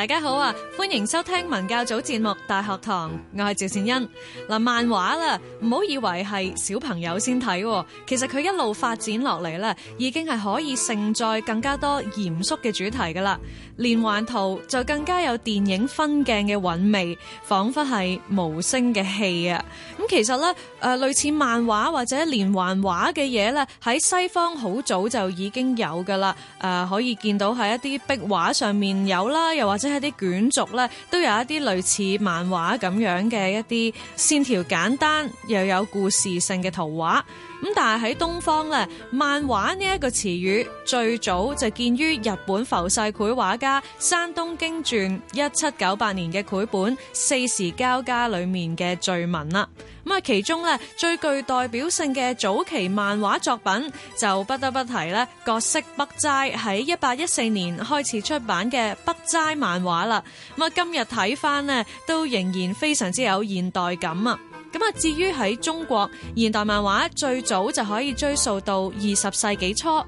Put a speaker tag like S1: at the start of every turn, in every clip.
S1: 大家好啊，歡迎收聽文教組節目《大學堂》，我係趙善恩嗱。漫畫啦，唔好以為係小朋友先睇，其實佢一路發展落嚟咧，已經係可以承載更加多嚴肅嘅主題噶啦。連環圖就更加有電影分鏡嘅韻味，仿佛係無聲嘅戲啊。咁其實咧，誒、呃，類似漫畫或者連環畫嘅嘢咧，喺西方好早就已經有噶啦，誒、呃，可以見到喺一啲壁畫上面有啦，又或者。一啲卷軸咧，都有一啲類似漫畫咁樣嘅一啲線條簡單又有故事性嘅圖畫。咁但係喺東方咧，漫畫呢一個詞語最早就見於日本浮世繪畫家山東京傳一七九八年嘅繪本《四時交加》裏面嘅序文啦。咁啊，其中咧最具代表性嘅早期漫畫作品就不得不提呢角色北齋喺一八一四年開始出版嘅《北齋漫畫》啦。咁啊，今日睇返呢都仍然非常之有現代感啊！咁啊，至於喺中國現代漫畫最早就可以追溯到二十世紀初。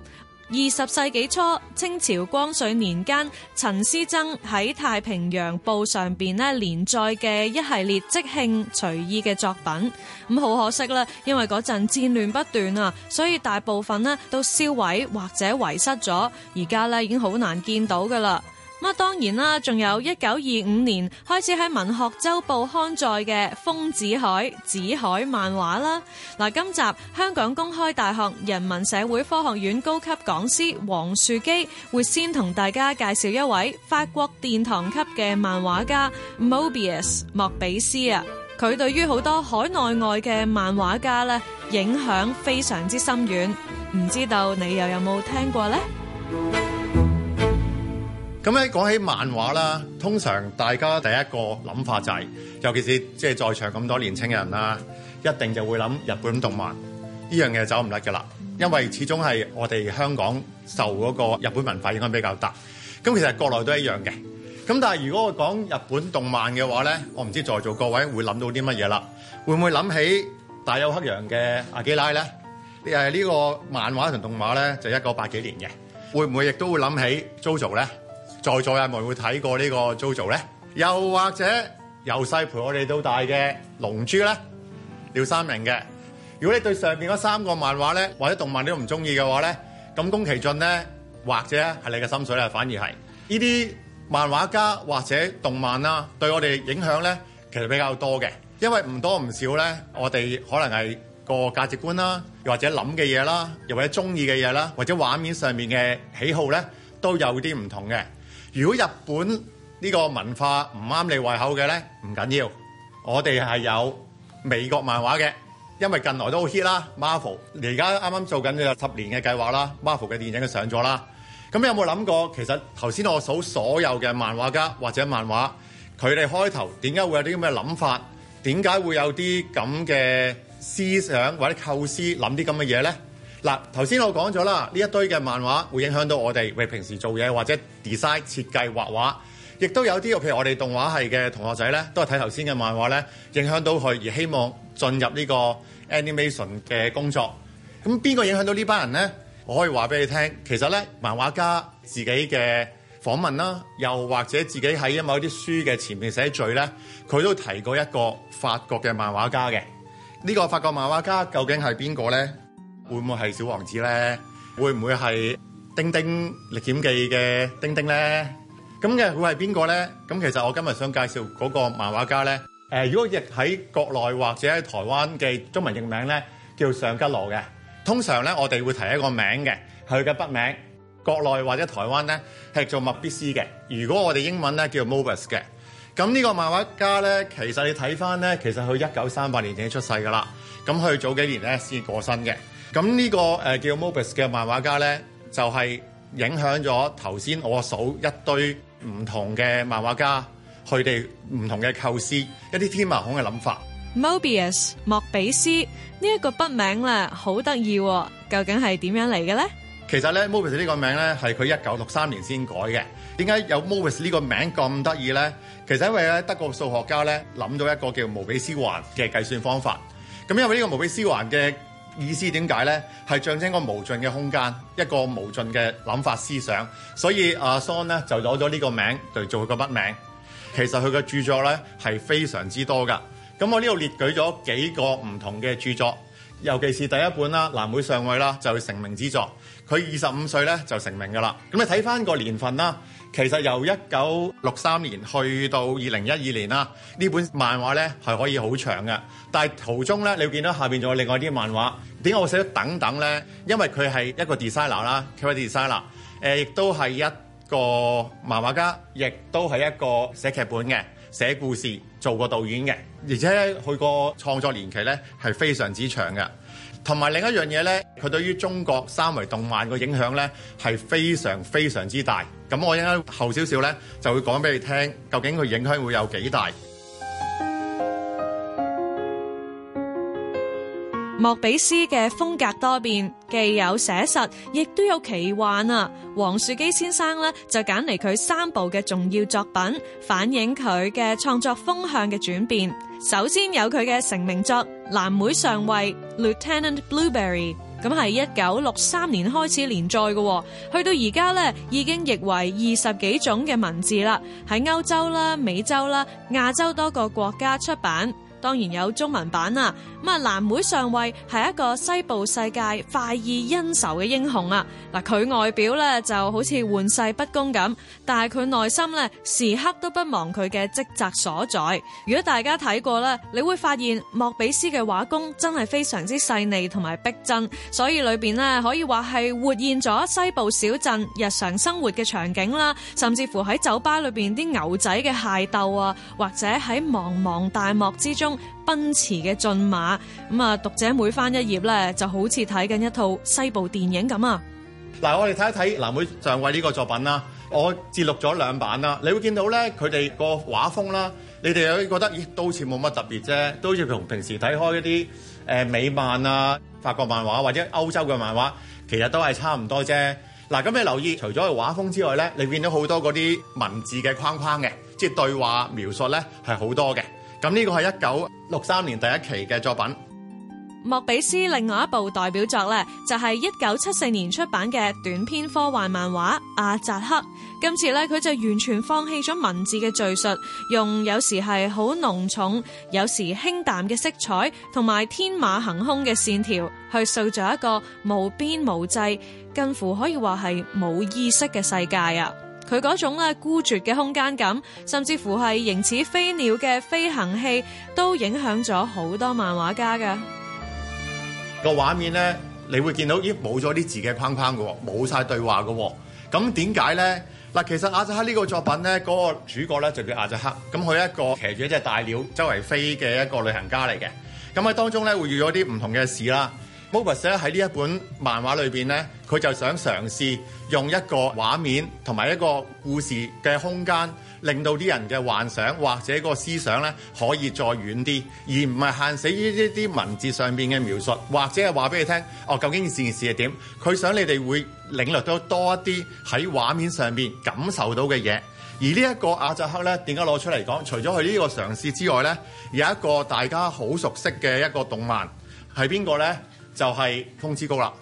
S1: 二十世紀初，清朝光緒年間，陳師曾喺《太平洋報》上邊咧連載嘅一系列即興隨意嘅作品。咁好可惜咧，因為嗰陣戰亂不斷啊，所以大部分咧都燒毀或者遺失咗。而家咧已經好難見到㗎啦。咁啊，當然啦，仲有一九二五年開始喺文學週報刊載嘅豐子愷、子愷漫畫啦。嗱，今集香港公開大學人文社會科學院高級講師黃樹基會先同大家介紹一位法國殿堂級嘅漫畫家 Mobius 莫比斯啊，佢對於好多海內外嘅漫畫家咧影響非常之深遠，唔知道你又有冇聽過呢？
S2: 咁喺講起漫畫啦，通常大家第一個諗法就係、是，尤其是即係在場咁多年青人啦，一定就會諗日本動漫呢樣嘢走唔甩㗎啦。因為始終係我哋香港受嗰個日本文化影響比較大。咁其實國內都一樣嘅。咁但係如果我講日本動漫嘅話咧，我唔知在座各位會諗到啲乜嘢啦？會唔會諗起大友克洋嘅阿基拉咧？誒呢、這個漫畫同動畫咧就一九八幾年嘅，會唔會亦都會諗起 JoJo 咧？在座有冇會會睇過個呢個 JoJo 咧？又或者由細陪我哋到大嘅《龍珠》咧？廖三明鳥山明嘅。如果你對上面嗰三個漫畫咧，或者動漫你都唔中意嘅話咧，咁宮崎駿咧，或者係你嘅心水啦，反而係呢啲漫畫家或者動漫啦、啊，對我哋影響咧，其實比較多嘅，因為唔多唔少咧，我哋可能係個價值觀啦，又或者諗嘅嘢啦，又或者中意嘅嘢啦，或者畫面上面嘅喜好咧，都有啲唔同嘅。如果日本呢個文化唔啱你胃口嘅咧，唔緊要，我哋係有美國漫畫嘅，因為近來都好 hit 啦，Marvel，而家啱啱做緊呢個十年嘅計劃啦，Marvel 嘅電影都上咗啦，咁有冇諗過其實頭先我數所有嘅漫畫家或者漫畫，佢哋開頭點解會有啲咁嘅諗法，點解會有啲咁嘅思想或者構思諗啲咁嘅嘢咧？嗱，頭先我講咗啦，呢一堆嘅漫畫會影響到我哋喂，為平時做嘢或者 design 設計畫畫，亦都有啲，譬如我哋動畫系嘅同學仔咧，都係睇頭先嘅漫畫咧，影響到佢而希望進入呢個 animation 嘅工作。咁邊個影響到呢班人咧？我可以話俾你聽，其實咧漫畫家自己嘅訪問啦，又或者自己喺某啲書嘅前面寫序咧，佢都提過一個法國嘅漫畫家嘅。呢個法國漫畫家究竟係邊個咧？會唔會係小王子咧？會唔會係《丁丁歷險記叮叮》嘅丁丁咧？咁嘅會係邊個咧？咁其實我今日想介紹嗰個漫畫家咧。誒、呃，如果譯喺國內或者喺台灣嘅中文譯名咧，叫尚吉羅嘅。通常咧，我哋會提一個名嘅，佢嘅筆名。國內或者台灣咧係做莫比斯嘅。如果我哋英文咧叫 Mobius 嘅。咁呢個漫畫家咧，其實你睇翻咧，其實佢一九三八年已經出世噶啦。咁佢早幾年咧先過身嘅。咁呢個誒叫 Mobius 嘅漫畫家咧，就係影響咗頭先我數一堆唔同嘅漫畫家，佢哋唔同嘅構思，一啲天馬行空嘅諗法。
S1: Mobius 莫比斯呢一個筆名咧，好得意，究竟係點樣嚟嘅咧？
S2: 其實咧，Mobius 呢個名咧係佢一九六三年先改嘅。點解有 Mobius 呢個名咁得意咧？其實因為咧德國數學家咧諗到一個叫莫比斯環嘅計算方法。咁因為呢個莫比斯環嘅意思點解咧？係象徵個無盡嘅空間，一個無盡嘅諗法思想。所以阿 Son 咧就攞咗呢個名嚟做佢個筆名。其實佢嘅著作咧係非常之多噶。咁我呢度列舉咗幾個唔同嘅著作，尤其是第一本啦，《藍莓上位》啦，就成名之作。佢二十五歲咧就成名噶啦。咁你睇翻個年份啦。其實由一九六三年去到二零一二年啦，呢本漫畫呢係可以好長嘅。但途中呢你會見到下面仲有另外啲漫畫。點解我寫咗等等呢？因為佢係一個 designer 啦，佢係 designer，誒亦都係一個漫畫家，亦都係一個寫劇本嘅，寫故事，做過導演嘅，而且佢嘅創作年期呢，係非常之長嘅。同埋另一樣嘢咧，佢對於中國三維動漫個影響咧係非常非常之大。咁我應該後少少咧就會講俾你聽，究竟佢影響會有幾大？
S1: 莫比斯嘅風格多變，既有寫實，亦都有奇幻啊！黃樹基先生咧就揀嚟佢三部嘅重要作品，反映佢嘅創作風向嘅轉變。首先有佢嘅成名作《藍莓上尉》（Lieutenant Blueberry），咁係一九六三年開始連載嘅，去到而家咧已經譯為二十幾種嘅文字啦，喺歐洲啦、美洲啦、亞洲多個國家出版。當然有中文版啦，咁啊藍莓上尉係一個西部世界快意恩仇嘅英雄啊！嗱，佢外表咧就好似玩世不恭咁，但係佢內心咧時刻都不忘佢嘅職責所在。如果大家睇過咧，你會發現莫比斯嘅畫工真係非常之細膩同埋逼真，所以裏邊咧可以話係活現咗西部小鎮日常生活嘅場景啦，甚至乎喺酒吧裏邊啲牛仔嘅械鬥啊，或者喺茫茫大漠之中。奔馳嘅駿馬，咁啊讀者每翻一頁咧，就好似睇緊一套西部電影咁啊！
S2: 嗱，我哋睇一睇藍妹上位呢個作品啦，我截錄咗兩版啦，你會見到咧，佢哋個畫風啦，你哋又會覺得咦，到時冇乜特別啫，都好似同平時睇開一啲誒、呃、美漫啊、法國漫畫或者歐洲嘅漫畫，其實都係差唔多啫。嗱，咁你留意除咗畫風之外咧，裏邊都好多嗰啲文字嘅框框嘅，即係對話描述咧係好多嘅。咁呢個係一九六三年第一期嘅作品。
S1: 莫比斯另外一部代表作呢，就係一九七四年出版嘅短篇科幻漫畫《阿扎克》。今次呢，佢就完全放棄咗文字嘅敘述，用有時係好濃重、有時輕淡嘅色彩，同埋天馬行空嘅線條，去塑造一個無邊無際、近乎可以話係冇意識嘅世界啊！佢嗰種咧孤絕嘅空間感，甚至乎係形似飛鳥嘅飛行器，都影響咗好多漫畫家嘅
S2: 個畫面咧。你會見到咦，冇咗啲字嘅框框嘅，冇晒對話嘅。咁點解咧？嗱，其實亞澤克呢個作品咧，嗰個主角咧就叫亞澤克。咁佢一個騎住一隻大鳥周圍飛嘅一個旅行家嚟嘅。咁喺當中咧會遇咗啲唔同嘅事啦。Mobius 喺呢一本漫畫裏面咧，佢就想嘗試用一個畫面同埋一個故事嘅空間，令到啲人嘅幻想或者個思想咧可以再遠啲，而唔係限死於呢啲文字上面嘅描述，或者係話俾你聽哦。究竟件事件事係點？佢想你哋會領略到多一啲喺畫面上面感受到嘅嘢。而、這個、呢一個亞扎克咧，點解攞出嚟講？除咗佢呢個嘗試之外咧，有一個大家好熟悉嘅一個動漫係邊個咧？就係、是《風之谷》啦。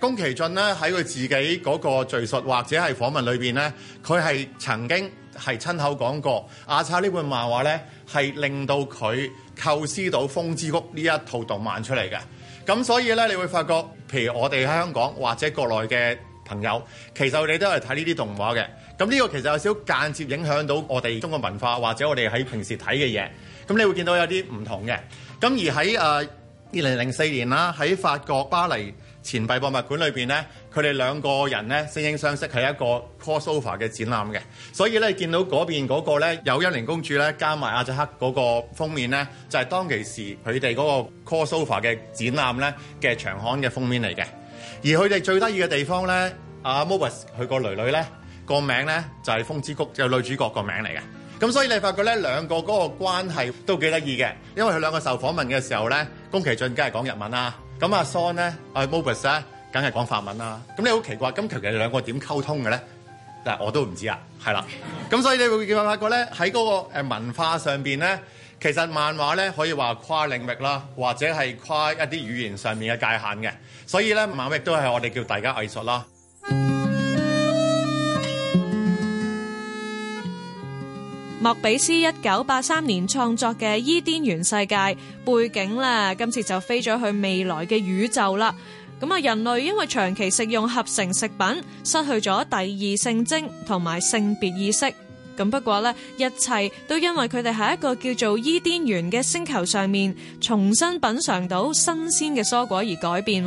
S2: 宮崎駿咧喺佢自己嗰個敍述或者係訪問裏面咧，佢係曾經係親口講過，《阿叉》呢本漫畫咧係令到佢構思到《風之谷》呢一套動漫出嚟嘅。咁所以咧，你會發覺，譬如我哋喺香港或者國內嘅朋友，其實你都係睇呢啲動畫嘅。咁、這、呢個其實有少少間接影響到我哋中國文化或者我哋喺平時睇嘅嘢。咁你會見到有啲唔同嘅。咁而喺誒二零零四年啦，喺法國巴黎錢幣博物館裏邊咧，佢哋兩個人咧惺惺相惜，係一個 crossover 嘅展覽嘅。所以咧，見到嗰邊嗰個咧有《幽靈公主》呢咧加埋《阿扎克》嗰個封面咧，就係當其時佢哋嗰個 crossover 嘅展覽咧嘅場刊嘅封面嚟嘅。而佢哋最得意嘅地方咧，阿 Mobius 佢個女女咧個名咧就係、是、風之谷嘅、就係、女主角個名嚟嘅。咁所以你發覺咧兩個嗰個關係都幾得意嘅，因為佢兩個受訪問嘅時候咧，宮崎駿梗係講日文啦、啊，咁阿 Son 咧阿 Mobius 呢，咧梗係講法文啦、啊，咁你好奇怪，咁其實兩個點溝通嘅咧？但係我都唔知啊，係啦，咁所以你會見發發覺咧喺嗰個誒文化上面咧，其實漫畫咧可以話跨領域啦，或者係跨一啲語言上面嘅界限嘅，所以咧漫畫亦都係我哋叫大家藝術啦。
S1: 莫比斯一九八三年創作嘅《伊甸園世界》背景啦，今次就飛咗去未來嘅宇宙啦。咁啊，人類因為長期食用合成食品，失去咗第二性徵同埋性別意識。咁不過呢，一切都因為佢哋喺一個叫做伊甸園嘅星球上面，重新品嘗到新鮮嘅蔬果而改變。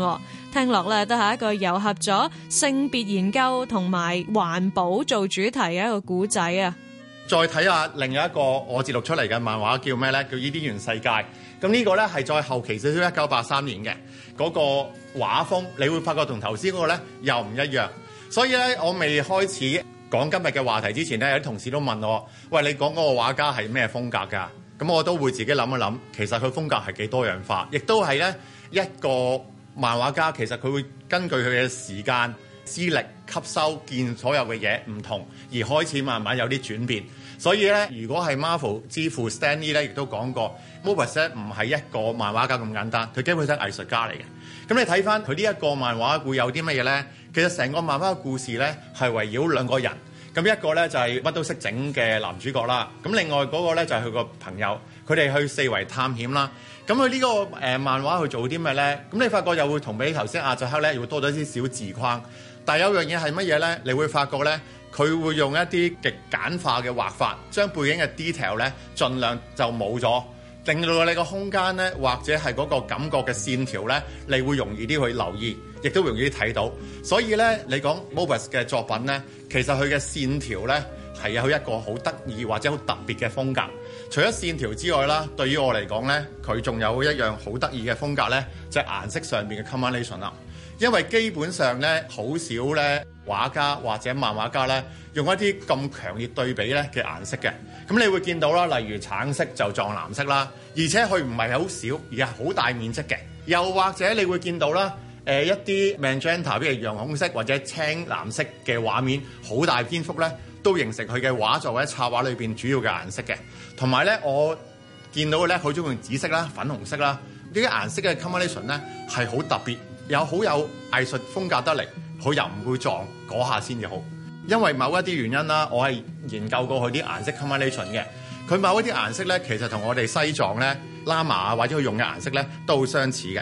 S1: 聽落咧，都係一個糅合咗性別研究同埋環保做主題嘅一個古仔啊！
S2: 再睇下另外一個我自錄出嚟嘅漫畫叫咩呢？叫《伊甸園世界》。咁呢個呢，係再後期小小的，甚至一九八三年嘅嗰個畫風，你會發覺同頭先嗰個呢又唔一樣。所以呢，我未開始講今日嘅話題之前呢，有啲同事都問我：喂，你講嗰個畫家係咩風格㗎？咁我都會自己諗一諗。其實佢風格係幾多樣化，亦都係呢一個漫畫家其實佢會根據佢嘅時間、資歷、吸收見所有嘅嘢唔同而開始慢慢有啲轉變。所以咧，如果係 Marvel 之父 Stan Lee 咧，亦都講過，Mobius 唔係一個漫畫家咁簡單，佢基本上藝術家嚟嘅。咁你睇翻佢呢一個漫畫，會有啲乜嘢咧？其實成個漫畫嘅故事咧，係圍繞兩個人。咁一個咧就係乜都識整嘅男主角啦。咁另外嗰個咧就係佢個朋友。佢哋去四圍探險啦。咁佢呢個誒漫畫去做啲乜咧？咁你發覺又會同比頭先阿佐克咧，又多咗啲小字框。但係有樣嘢係乜嘢咧？你會發覺咧。佢會用一啲極簡化嘅畫法，將背景嘅 detail 咧，儘量就冇咗，令到你個空間咧，或者係嗰個感覺嘅線條咧，你會容易啲去留意，亦都容易啲睇到。所以咧，你講 Mobius 嘅作品咧，其實佢嘅線條咧係有一個好得意或者好特別嘅風格。除咗線條之外啦，對於我嚟講咧，佢仲有一樣好得意嘅風格咧，就係、是、顏色上邊嘅 combination 啦。因為基本上咧，好少咧畫家或者漫畫家咧用一啲咁強烈對比咧嘅顏色嘅，咁你會見到啦，例如橙色就撞藍色啦，而且佢唔係好少，而係好大面積嘅。又或者你會見到啦，誒一啲 magenta，譬如洋紅色或者青藍色嘅畫面，好大篇幅咧都形成佢嘅畫作或者插畫裏面主要嘅顏色嘅。同埋咧，我見到咧佢中意紫色啦、粉紅色啦呢啲顏色嘅 combination 咧係好特別有好有藝術風格得嚟，佢又唔會撞嗰下先至好。因為某一啲原因啦，我係研究過佢啲顏色 combination 嘅，佢某一啲顏色咧，其實同我哋西藏咧喇嘛啊或者佢用嘅顏色咧都好相似嘅。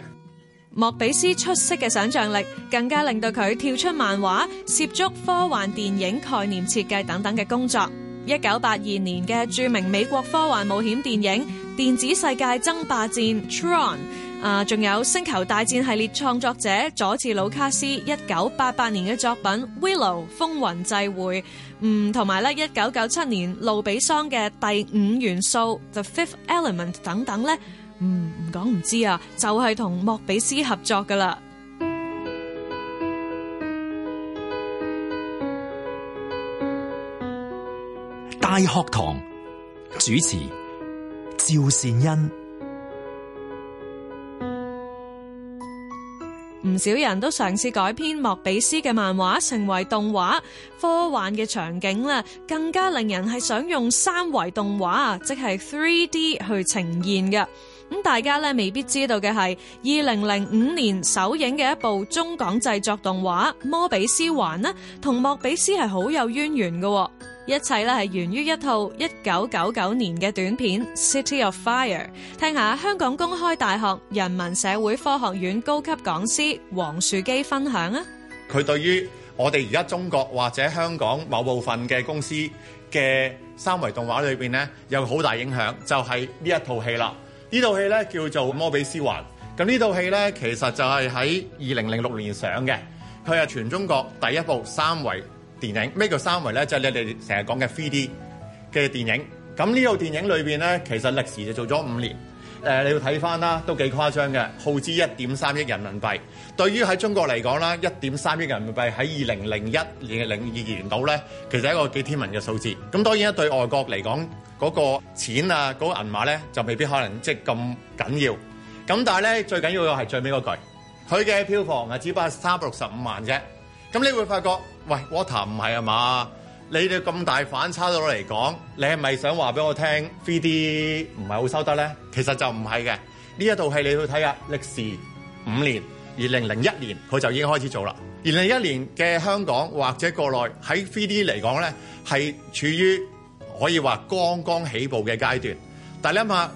S1: 莫比斯出色嘅想像力，更加令到佢跳出漫畫，涉足科幻電影概念設計等等嘅工作。一九八二年嘅著名美國科幻冒險電影《電子世界爭霸戰》Tron。啊，仲有星球大戰系列創作者佐治魯卡斯一九八八年嘅作品《Willow》風雲際會，嗯，同埋咧一九九七年路比桑嘅第五元素《The Fifth Element》等等咧，唔講唔知啊，就係、是、同莫比斯合作噶啦。
S2: 大學堂主持趙善恩。
S1: 唔少人都嘗試改編莫比斯嘅漫畫成為動畫，科幻嘅場景啦，更加令人係想用三維動畫，即係 3D 去呈現嘅。咁大家咧未必知道嘅係，二零零五年首映嘅一部中港製作動畫《摩比斯環》呢，同莫比斯係好有淵源嘅。一切咧係源於一套一九九九年嘅短片《City of Fire》，聽下香港公開大學人文社會科學院高級講師黃樹基分享啊！
S2: 佢對於我哋而家中國或者香港某部分嘅公司嘅三維動畫裏面呢，有好大影響，就係呢一套戲啦。呢套戲呢叫做《魔比斯環》，咁呢套戲呢，其實就係喺二零零六年上嘅，佢係全中國第一部三維。電影咩叫三維咧？就係你哋成日講嘅 three D 嘅電影。咁呢套電影裏邊咧，其實歷時就做咗五年。誒，你要睇翻啦，都幾誇張嘅，耗資一點三億人民幣。對於喺中國嚟講啦，一點三億人民幣喺二零零一年嘅零二年度咧，其實係一個幾天文嘅數字。咁當然啦，對外國嚟講，嗰個錢啊，嗰個銀碼咧，就未必可能即係咁緊要。咁但係咧，最緊要嘅係最尾嗰句，佢嘅票房啊，只不過三百六十五萬啫。咁你會發覺。喂，water 唔係啊嘛？你哋咁大反差到嚟講，你係咪想話俾我聽 3D 唔係好收得咧？其實就唔係嘅。呢一套戲你去睇下，歷時五年，二零零一年佢就已經開始做啦。二零零一年嘅香港或者國內喺 3D 嚟講咧，係處於可以話剛剛起步嘅階段。但係你諗下，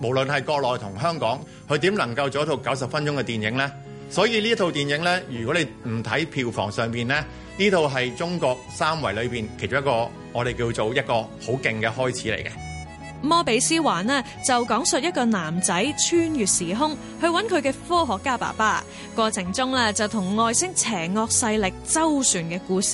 S2: 無論係國內同香港，佢點能夠做一套九十分鐘嘅電影咧？所以呢一套電影咧，如果你唔睇票房上邊咧，呢套係中國三維裏邊其中一個我哋叫做一個好勁嘅開始嚟嘅。
S1: 《摩比斯環》咧就講述一個男仔穿越時空去揾佢嘅科學家爸爸，過程中咧就同外星邪惡勢力周旋嘅故事。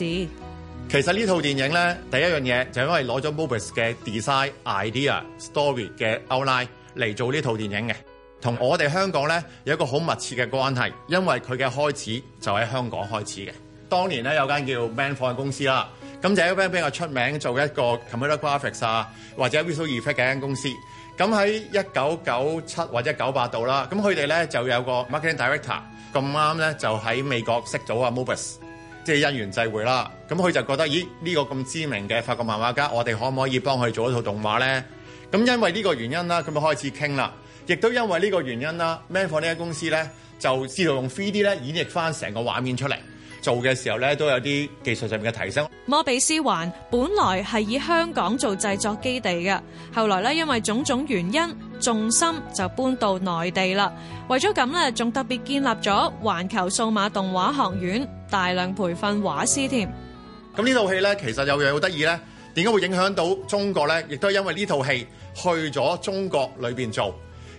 S2: 其實呢套電影咧，第一樣嘢就因為攞咗《Mobius》嘅 design idea story 嘅 outline 嚟做呢套電影嘅。同我哋香港咧有一個好密切嘅關係，因為佢嘅開始就喺香港開始嘅。當年咧有間叫 Man Company 公司啦，咁就係一個比較出名做一個 Computer Graphics 啊，或者 Visual Effect 嘅公司。咁喺一九九七或者九八度啦，咁佢哋咧就有個 Marketing Director，咁啱咧就喺美國識咗啊 Mobius，即係因緣際會啦。咁佢就覺得咦呢個咁知名嘅法國漫畫家，我哋可唔可以幫佢做一套動畫咧？咁因為呢個原因啦，咁就開始傾啦。亦都因為呢個原因啦 Manford 呢間公司咧，就試圖用 three D 咧演繹翻成個畫面出嚟做嘅時候咧，都有啲技術上面嘅提升。
S1: 摩比斯環本來係以香港做製作基地嘅，後來咧因為種種原因重心就搬到內地啦。為咗咁咧，仲特別建立咗環球數碼動畫學院，大量培訓畫
S2: 師添。咁呢套戲咧，其實又有好得意咧，點解會影響到中國咧？亦都係因為呢套戲去咗中國裏邊做。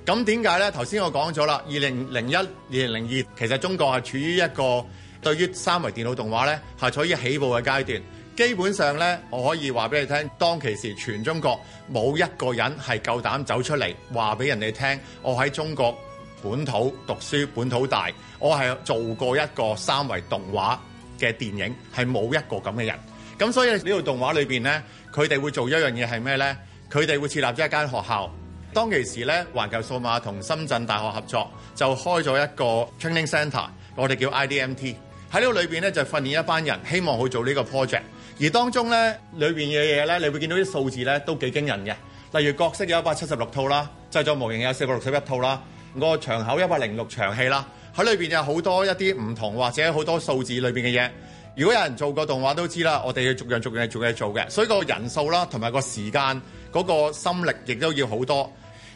S2: 咁點解呢？頭先我講咗啦，二零零一、二零零二，其實中國係處於一個對於三維電腦動畫呢係處於起步嘅階段。基本上呢，我可以話俾你聽，當其時全中國冇一個人係夠膽走出嚟話俾人哋聽，我喺中國本土讀書、本土大，我係做過一個三維動畫嘅電影，係冇一個咁嘅人。咁所以呢套、這個、動畫裏面呢，佢哋會做一樣嘢係咩呢？佢哋會設立咗一間學校。當其時咧，環球數碼同深圳大學合作，就開咗一個 training centre，我哋叫 IDMT。喺呢個裏邊咧，就訓練一班人，希望去做呢個 project。而當中咧，裏邊嘅嘢咧，你會見到啲數字咧，都幾驚人嘅。例如角色有一百七十六套啦，製作模型有四百六十一套啦，個場口一百零六場戲啦。喺裏面有好多一啲唔同或者好多數字裏邊嘅嘢。如果有人做過動畫都知啦，我哋要逐樣逐樣做嘅做嘅，所以個人數啦同埋個時間嗰個心力亦都要好多。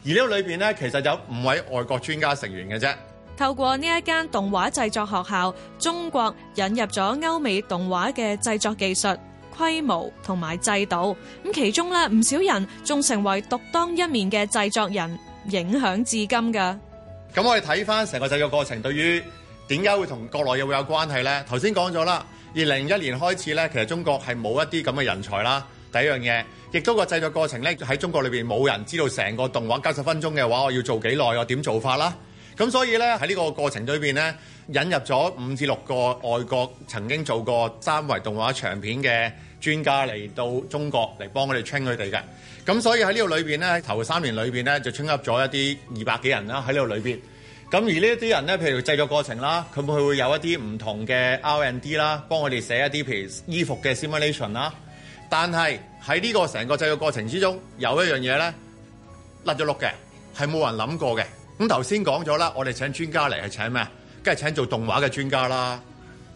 S2: 而呢個裏邊咧，其實有五位外國專家成員嘅啫。
S1: 透過呢一間動畫製作學校，中國引入咗歐美動畫嘅製作技術、規模同埋制度。咁其中咧，唔少人仲成為獨當一面嘅製作人，影響至今嘅。
S2: 咁我哋睇翻成個製作過程，對於點解會同國內有會有關係呢？頭先講咗啦，二零一年開始咧，其實中國係冇一啲咁嘅人才啦。第一樣嘢，亦都個製作過程咧，喺中國裏面冇人知道成個動畫九十分鐘嘅話，我要做幾耐，我點做法啦？咁所以咧，喺呢個過程裏面咧，引入咗五至六個外國曾經做過三維動畫長片嘅專家嚟到中國嚟幫我哋 train 佢哋嘅。咁所以喺呢度裏面咧，頭三年裏面咧就 train 入咗一啲二百幾人啦，喺呢度裏面。咁而呢一啲人咧，譬如製作過程啦，佢佢會有一啲唔同嘅 R&D 啦，幫我哋寫一啲譬如衣服嘅 simulation 啦。但係喺呢個成個製嘅過程之中，有一樣嘢咧甩咗碌嘅，係冇人諗過嘅。咁頭先講咗啦，我哋請專家嚟係請咩？梗係請做動畫嘅專家啦。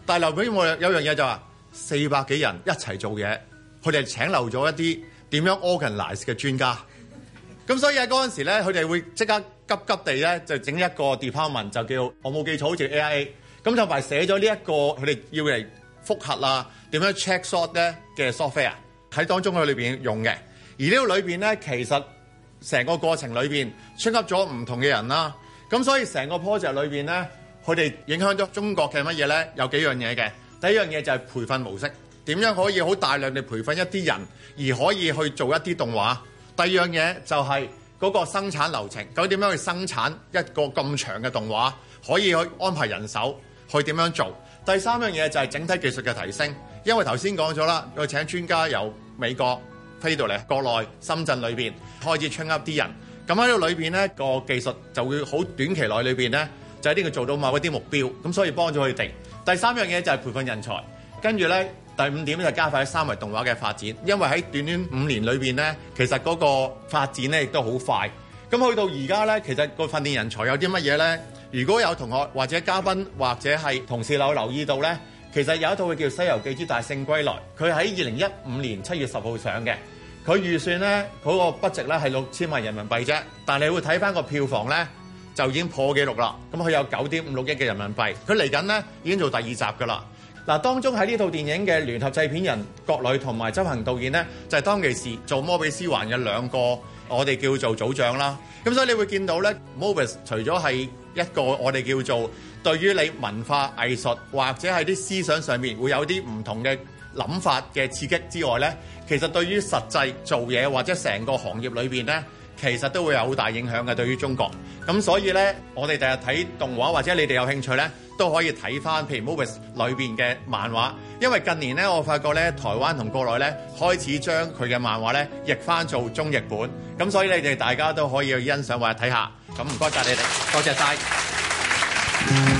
S2: 但係留俾我有樣嘢就係、是、四百幾人一齊做嘢，佢哋請留咗一啲點樣 organize 嘅專家。咁所以喺嗰陣時咧，佢哋會即刻急急地咧就整一個 department 就叫我冇記錯好似 AIA，咁就為寫咗呢一個佢哋要嚟。複合啦，點樣 check shot 咧嘅 software 喺當中佢裏面用嘅，而呢個裏面咧其實成個過程裏面涉及咗唔同嘅人啦，咁所以成個 project 裏面咧佢哋影響咗中國嘅乜嘢咧？有幾樣嘢嘅。第一樣嘢就係培訓模式，點樣可以好大量地培訓一啲人而可以去做一啲動畫？第二樣嘢就係嗰個生產流程，咁點樣去生產一個咁長嘅動畫？可以去安排人手去點樣做？第三樣嘢就係整體技術嘅提升，因為頭先講咗啦，再請專家由美國飛到嚟，國內深圳裏面開始 train up 啲人，咁喺度裏面咧個技術就會好短期內裏面咧就喺呢個做到某啲目標，咁所以幫咗佢哋。第三樣嘢就係培訓人才，跟住咧第五點就加快三維動畫嘅發展，因為喺短短五年裏面咧，其實嗰個發展咧亦都好快，咁去到而家咧，其實個訓練人才有啲乜嘢咧？如果有同學或者嘉賓或者係同事有留意到咧，其實有一套叫《西遊記之大聖歸來》，佢喺二零一五年七月十號上嘅。佢預算咧，嗰個筆值咧係六千萬人民幣啫。但係你會睇翻個票房咧，就已經破紀錄啦。咁佢有九點五六億嘅人民幣，佢嚟緊咧已經做第二集噶啦。嗱，當中喺呢套電影嘅聯合製片人、國女同埋執行導演咧，就係、是、當其時做摩比斯環嘅兩個我哋叫做組長啦。咁所以你會見到咧，MoBiS 除咗係一個我哋叫做對於你文化藝術，或者係啲思想上面會有啲唔同嘅諗法嘅刺激之外，呢其實對於實際做嘢，或者成個行業裏面呢，其實都會有好大影響嘅，對於中國，咁所以呢，我哋第日睇動畫或者你哋有興趣呢，都可以睇翻，譬如 Mobius 裏邊嘅漫畫，因為近年呢，我發覺呢，台灣同國內呢，開始將佢嘅漫畫呢譯翻做中譯本，咁所以你哋大家都可以去欣賞或者睇下，咁唔該曬你哋，多謝晒。嗯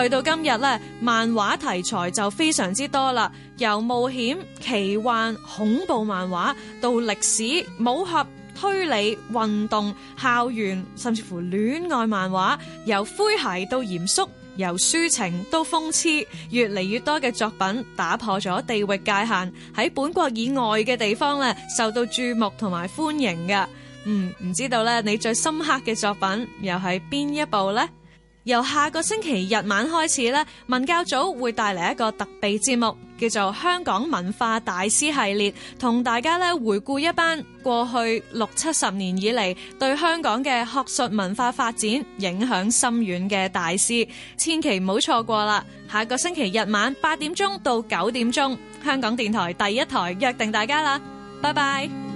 S1: 去到今日咧，漫畫題材就非常之多啦，由冒險、奇幻、恐怖漫畫到歷史、武俠、推理、運動、校園，甚至乎戀愛漫畫，由詼諧到嚴肅，由抒情到諷刺，越嚟越多嘅作品打破咗地域界限，喺本國以外嘅地方咧受到注目同埋歡迎㗎。嗯，唔知道咧，你最深刻嘅作品又係邊一部呢？由下個星期日晚開始咧，文教組會帶嚟一個特備節目，叫做《香港文化大師》系列，同大家咧回顧一班過去六七十年以嚟對香港嘅學術文化發展影響深遠嘅大師。千祈唔好錯過啦！下個星期日晚八點鐘到九點鐘，香港電台第一台約定大家啦，拜拜。